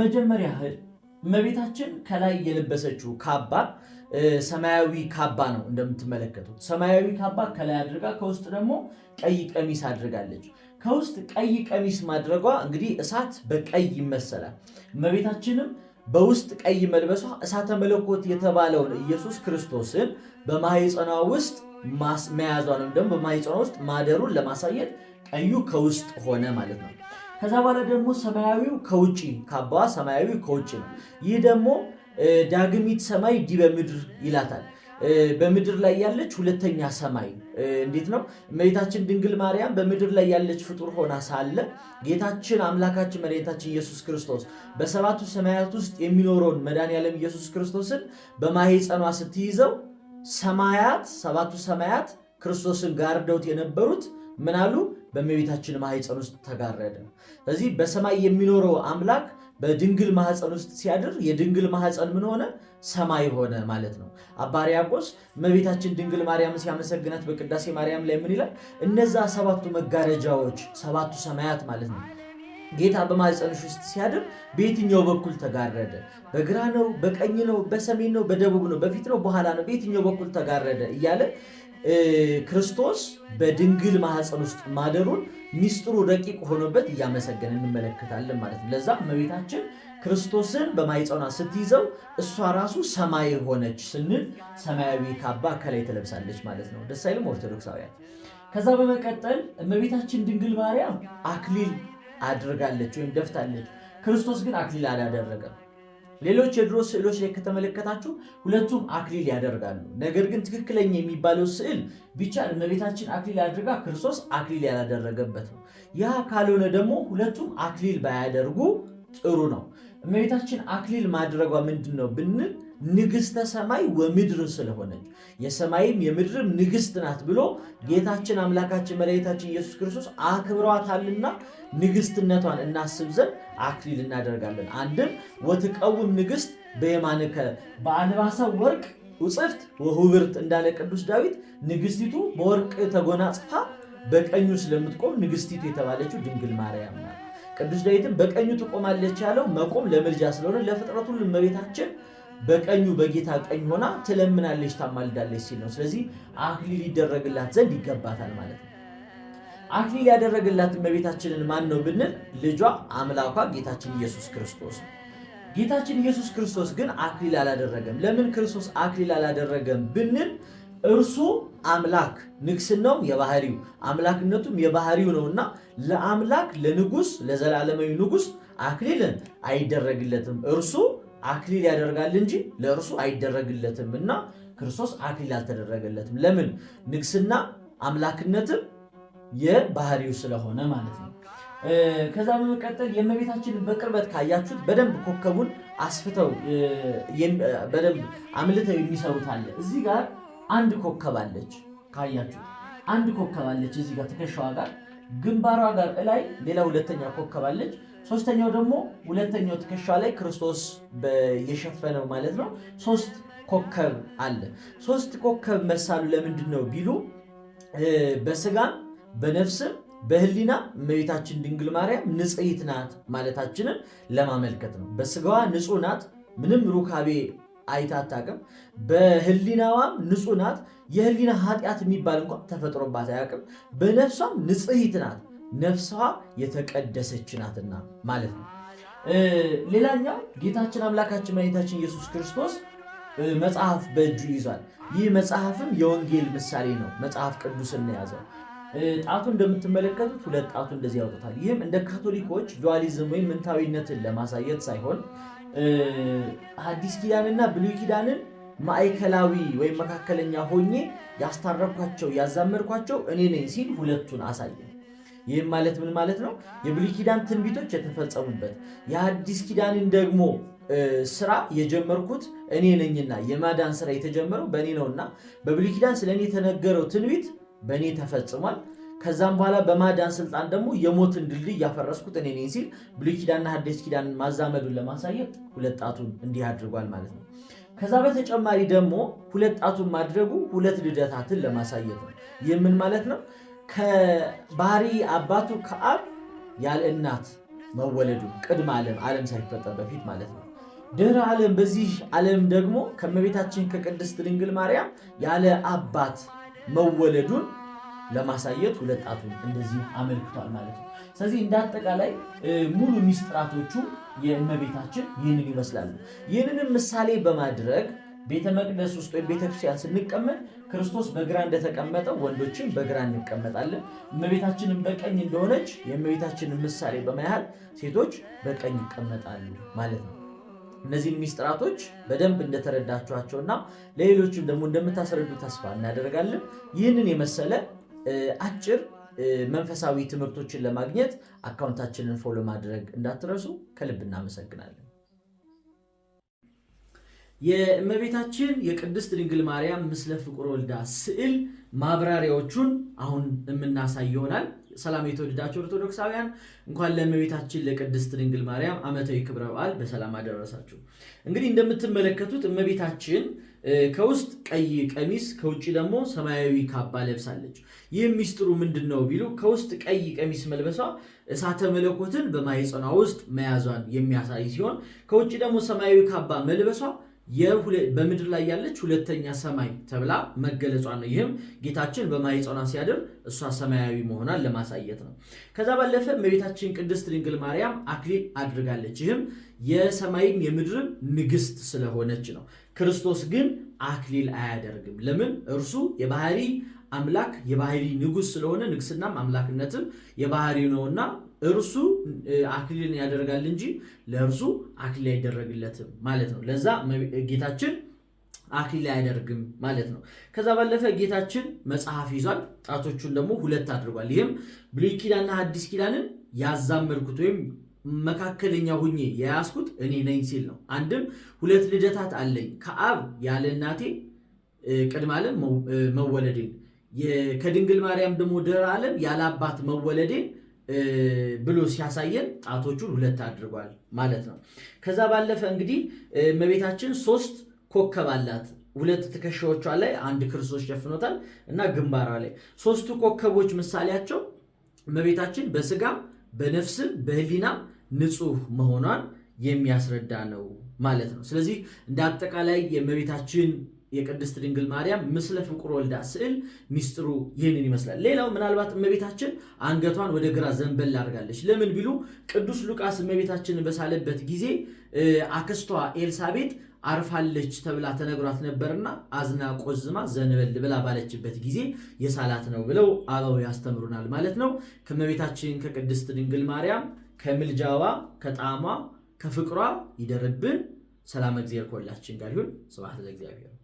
ለመጀመሪያ እመቤታችን ከላይ የለበሰችው ካባ ሰማያዊ ካባ ነው። እንደምትመለከቱት ሰማያዊ ካባ ከላይ አድርጋ ከውስጥ ደግሞ ቀይ ቀሚስ አድርጋለች። ከውስጥ ቀይ ቀሚስ ማድረጓ እንግዲህ እሳት በቀይ ይመሰላል። እመቤታችንም በውስጥ ቀይ መልበሷ እሳተ መለኮት የተባለውን ኢየሱስ ክርስቶስን በማህፀኗ ውስጥ መያዟንም ደግሞ በማህፀኗ ውስጥ ማደሩን ለማሳየት ቀዩ ከውስጥ ሆነ ማለት ነው። ከዛ በኋላ ደግሞ ሰማያዊው ከውጭ ካባዋ ሰማያዊ ከውጭ ነው። ይህ ደግሞ ዳግሚት ሰማይ ዲ በምድር ይላታል። በምድር ላይ ያለች ሁለተኛ ሰማይ እንዴት ነው? እመቤታችን ድንግል ማርያም በምድር ላይ ያለች ፍጡር ሆና ሳለ ጌታችን አምላካችን መድኃኒታችን ኢየሱስ ክርስቶስ በሰባቱ ሰማያት ውስጥ የሚኖረውን መድኃኔዓለም ኢየሱስ ክርስቶስን በማኅፀኗ ስትይዘው ሰማያት ሰባቱ ሰማያት ክርስቶስን ጋርደውት የነበሩት ምናሉ በእመቤታችን ማህፀን ውስጥ ተጋረደ። ስለዚህ በሰማይ የሚኖረው አምላክ በድንግል ማህፀን ውስጥ ሲያድር የድንግል ማህፀን ምን ሆነ? ሰማይ ሆነ ማለት ነው። አባ ሕርያቆስ እመቤታችን ድንግል ማርያም ሲያመሰግናት በቅዳሴ ማርያም ላይ ምን ይላል? እነዛ ሰባቱ መጋረጃዎች ሰባቱ ሰማያት ማለት ነው ጌታ በማህፀንሽ ውስጥ ሲያድር በየትኛው በኩል ተጋረደ? በግራ ነው? በቀኝ ነው? በሰሜን ነው? በደቡብ ነው? በፊት ነው? በኋላ ነው? በየትኛው በኩል ተጋረደ እያለ ክርስቶስ በድንግል ማህፀን ውስጥ ማደሩን ሚስጥሩ ረቂቅ ሆኖበት እያመሰገን እንመለከታለን ማለት ነው። ለዛ እመቤታችን ክርስቶስን በማይፀኗ ስትይዘው እሷ ራሱ ሰማይ ሆነች ስንል ሰማያዊ ካባ ከላይ ትለብሳለች ማለት ነው። ደስ አይልም ኦርቶዶክሳውያን? ከዛ በመቀጠል እመቤታችን ድንግል ማርያም አክሊል አድርጋለች ወይም ደፍታለች። ክርስቶስ ግን አክሊል አላደረገም። ሌሎች የድሮ ስዕሎች ላይ ከተመለከታችሁ ሁለቱም አክሊል ያደርጋሉ። ነገር ግን ትክክለኛ የሚባለው ስዕል ብቻ እመቤታችን አክሊል አድርጋ ክርስቶስ አክሊል ያላደረገበት ነው። ያ ካልሆነ ደግሞ ሁለቱም አክሊል ባያደርጉ ጥሩ ነው። እመቤታችን አክሊል ማድረጓ ምንድን ነው ብንል ንግሥተ ሰማይ ወምድር ስለሆነች የሰማይም የምድርም ንግሥት ናት ብሎ ጌታችን አምላካችን መድኃኒታችን ኢየሱስ ክርስቶስ አክብሯታልና ንግሥትነቷን እናስብ ዘንድ አክሊል እናደርጋለን። አንድም ወትቀውም ንግሥት በየማንከ በአልባሰ ወርቅ ውፅፍት ወሁብርት እንዳለ ቅዱስ ዳዊት ንግሥቲቱ በወርቅ ተጎናጽፋ በቀኙ ስለምትቆም ንግሥቲቱ የተባለችው ድንግል ማርያም ናት። ቅዱስ ዳዊትም በቀኙ ትቆማለች ያለው መቆም ለምልጃ ስለሆነ ለፍጥረት ሁሉ እመቤታችን በቀኙ በጌታ ቀኝ ሆና ትለምናለች፣ ታማልዳለች ሲል ነው። ስለዚህ አክሊል ይደረግላት ዘንድ ይገባታል ማለት ነው። አክሊል ያደረግላት እመቤታችንን ማን ነው ብንል ልጇ አምላኳ ጌታችን ኢየሱስ ክርስቶስ ነው። ጌታችን ኢየሱስ ክርስቶስ ግን አክሊል አላደረገም። ለምን ክርስቶስ አክሊል አላደረገም ብንል እርሱ አምላክ ንግስናው የባህሪው አምላክነቱም የባህሪው ነውና ለአምላክ ለንጉስ ለዘላለማዊ ንጉስ አክሊልን አይደረግለትም። እርሱ አክሊል ያደርጋል እንጂ ለእርሱ አይደረግለትም እና ክርስቶስ አክሊል አልተደረገለትም። ለምን? ንግስና አምላክነትም የባህሪው ስለሆነ ማለት ነው። ከዛ በመቀጠል የእመቤታችንን በቅርበት ካያችሁት በደንብ ኮከቡን አስፍተው በደንብ አምልተው የሚሰሩት አለ እዚህ ጋር አንድ ኮከብ አለች። ካያችሁ አንድ ኮከብ አለች እዚህ ጋር ትከሻዋ ጋር ግንባሯ ጋር እላይ ሌላ ሁለተኛ ኮከብ አለች። ሶስተኛው ደግሞ ሁለተኛው ትከሻ ላይ ክርስቶስ የሸፈነው ማለት ነው። ሶስት ኮከብ አለ። ሶስት ኮከብ መሳሉ ለምንድን ነው ቢሉ በስጋም በነፍስም በህሊና እመቤታችን ድንግል ማርያም ንጽሕት ናት ማለታችንን ለማመልከት ነው። በስጋዋ ንጹሕ ናት፣ ምንም ሩካቤ አይታታቅም። አታውቅም። በህሊናዋም ንጹህ ናት። የህሊና ኃጢአት የሚባል እንኳን ተፈጥሮባት አያውቅም። በነፍሷም ንጽሕት ናት፣ ነፍሷ የተቀደሰች ናትና ማለት ነው። ሌላኛው ጌታችን አምላካችን መድኃኒታችን ኢየሱስ ክርስቶስ መጽሐፍ በእጁ ይዟል። ይህ መጽሐፍም የወንጌል ምሳሌ ነው። መጽሐፍ ቅዱስን የያዘው ጣቱ እንደምትመለከቱት ሁለት ጣቱ እንደዚህ ያውጡታል። ይህም እንደ ካቶሊኮች ዱዋሊዝም ወይም ምንታዊነትን ለማሳየት ሳይሆን አዲስ ኪዳንና ብሉይ ኪዳንን ማዕከላዊ ወይም መካከለኛ ሆኜ ያስታረኳቸው ያዛመድኳቸው እኔ ነኝ ሲል ሁለቱን አሳየ። ይህም ማለት ምን ማለት ነው? የብሉይ ኪዳን ትንቢቶች የተፈጸሙበት የአዲስ ኪዳንን ደግሞ ስራ የጀመርኩት እኔ ነኝና የማዳን ስራ የተጀመረው በእኔ ነውና በብሉይ ኪዳን ስለ እኔ የተነገረው ትንቢት በእኔ ተፈጽሟል። ከዛም በኋላ በማዳን ስልጣን ደግሞ የሞትን ድልድይ እያፈረስኩት እኔ ነኝ ሲል ብሉይ ኪዳንና ሐዲስ ኪዳን ማዛመዱን ለማሳየት ሁለት ጣቱን እንዲህ አድርጓል ማለት ነው። ከዛ በተጨማሪ ደግሞ ሁለት ጣቱን ማድረጉ ሁለት ልደታትን ለማሳየት ነው። ይህ ምን ማለት ነው? ከባህሪ አባቱ ከአብ ያለ እናት መወለዱ ቅድመ ዓለም ዓለም ሳይፈጠር በፊት ማለት ነው። ድህረ ዓለም በዚህ ዓለም ደግሞ ከመቤታችን ከቅድስት ድንግል ማርያም ያለ አባት መወለዱን ለማሳየት ሁለት ጣቱን እንደዚህ አመልክቷል ማለት ነው። ስለዚህ እንደ አጠቃላይ ሙሉ ሚስጥራቶቹ የእመቤታችን ይህንን ይመስላሉ። ይህንንም ምሳሌ በማድረግ ቤተ መቅደስ ውስጥ ወይም ቤተክርስቲያን ስንቀመጥ ክርስቶስ በግራ እንደተቀመጠ ወንዶችን በግራ እንቀመጣለን፣ እመቤታችንን በቀኝ እንደሆነች የእመቤታችንን ምሳሌ በመያህል ሴቶች በቀኝ ይቀመጣሉ ማለት ነው። እነዚህን ሚስጥራቶች በደንብ እንደተረዳችኋቸውና ለሌሎችም ደግሞ እንደምታስረዱ ተስፋ እናደርጋለን። ይህንን የመሰለ አጭር መንፈሳዊ ትምህርቶችን ለማግኘት አካውንታችንን ፎሎ ማድረግ እንዳትረሱ። ከልብ እናመሰግናለን። የእመቤታችን የቅድስት ድንግል ማርያም ምስለ ፍቁር ወልዳ ስዕል ማብራሪያዎቹን አሁን የምናሳይ ይሆናል። ሰላም የተወደዳቸው ኦርቶዶክሳውያን እንኳን ለእመቤታችን ለቅድስት ድንግል ማርያም ዓመታዊ ክብረ በዓል በሰላም አደረሳችሁ። እንግዲህ እንደምትመለከቱት እመቤታችን ከውስጥ ቀይ ቀሚስ ከውጭ ደግሞ ሰማያዊ ካባ ለብሳለች። ይህም ሚስጥሩ ምንድን ነው ቢሉ ከውስጥ ቀይ ቀሚስ መልበሷ እሳተ መለኮትን በማይጸኗ ውስጥ መያዟን የሚያሳይ ሲሆን ከውጭ ደግሞ ሰማያዊ ካባ መልበሷ በምድር ላይ ያለች ሁለተኛ ሰማይ ተብላ መገለጿ ነው። ይህም ጌታችን በማኅፀኗ ሲያድር እሷ ሰማያዊ መሆኗን ለማሳየት ነው። ከዛ ባለፈ እመቤታችን ቅድስት ድንግል ማርያም አክሊል አድርጋለች። ይህም የሰማይም የምድርም ንግስት ስለሆነች ነው። ክርስቶስ ግን አክሊል አያደርግም። ለምን? እርሱ የባህሪ አምላክ የባህሪ ንጉሥ ስለሆነ ንግስናም አምላክነትም የባህሪ ነውና እርሱ አክሊልን ያደርጋል እንጂ ለእርሱ አክሊል አይደረግለትም ማለት ነው። ለዛ ጌታችን አክሊል አያደርግም ማለት ነው። ከዛ ባለፈ ጌታችን መጽሐፍ ይዟል፣ ጣቶቹን ደግሞ ሁለት አድርጓል። ይህም ብሉይ ኪዳንና አዲስ ኪዳንን ያዛመድኩት ወይም መካከለኛ ሁኜ የያዝኩት እኔ ነኝ ሲል ነው። አንድም ሁለት ልደታት አለኝ ከአብ ያለ እናቴ ቅድመ ዓለም መወለዴን ከድንግል ማርያም ደግሞ ድኅረ ዓለም ያለ አባት መወለዴን ብሎ ሲያሳየን ጣቶቹን ሁለት አድርጓል ማለት ነው። ከዛ ባለፈ እንግዲህ እመቤታችን ሶስት ኮከብ አላት። ሁለት ትከሻዎቿ ላይ አንድ ክርስቶስ ሸፍኖታል እና ግንባሯ ላይ ሶስቱ ኮከቦች ምሳሌያቸው እመቤታችን በስጋም በነፍስም በህሊናም ንጹህ መሆኗን የሚያስረዳ ነው ማለት ነው። ስለዚህ እንደ አጠቃላይ የእመቤታችን የቅድስት ድንግል ማርያም ምስለ ፍቁር ወልዳ ስዕል ሚስጥሩ ይህንን ይመስላል። ሌላው ምናልባት እመቤታችን አንገቷን ወደ ግራ ዘንበል አድርጋለች። ለምን ቢሉ ቅዱስ ሉቃስ እመቤታችንን በሳለበት ጊዜ አክስቷ ኤልሳቤጥ አርፋለች ተብላ ተነግሯት ነበርና አዝና ቆዝማ ዘንበል ብላ ባለችበት ጊዜ የሳላት ነው ብለው አበው ያስተምሩናል ማለት ነው። ከእመቤታችን ከቅድስት ድንግል ማርያም ከምልጃዋ ከጣሟ ከፍቅሯ ይደርብን። ሰላም እግዚአብሔር ከሁላችን ጋር ይሁን። ስብሐት ለእግዚአብሔር።